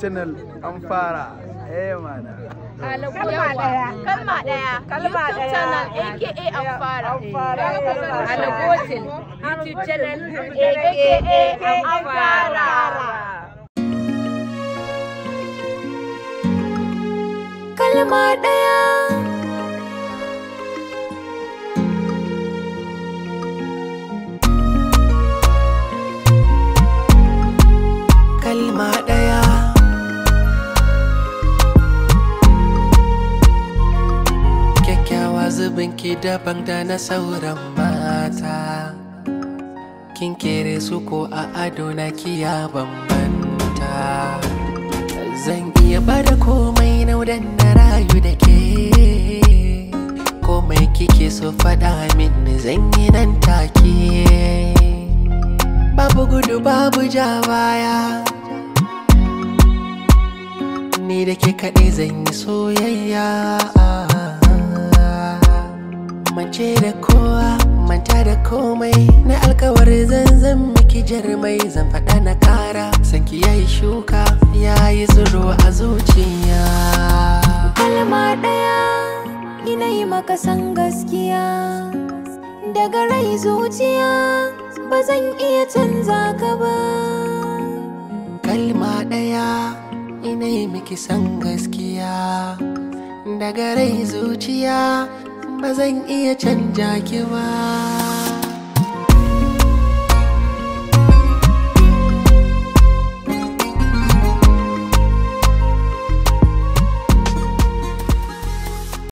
channel an fara eh mana kalma daya kalma daya an fara alagotin youtube channel aka an fara kalma daya kalma daya ki daban da na sauran mata kin kere su ko a ado na kiya bambanta zan iya bada komai naudan na rayu da ke komai kike so fada min zan yi nan take babu gudu babu ja baya ni da ke kaɗai zan yi soyayya ce da kowa manta da komai na alkawar zanzan miki jarmai zan faɗa na ƙara sanki yayi shuka yayi tsiro a zuciya kalma ɗaya ina yi maka san gaskiya daga rai zuciya ba zan iya canza ka ba kalma ɗaya ina yi miki san gaskiya daga rai zuciya ba zan iya canja ki ba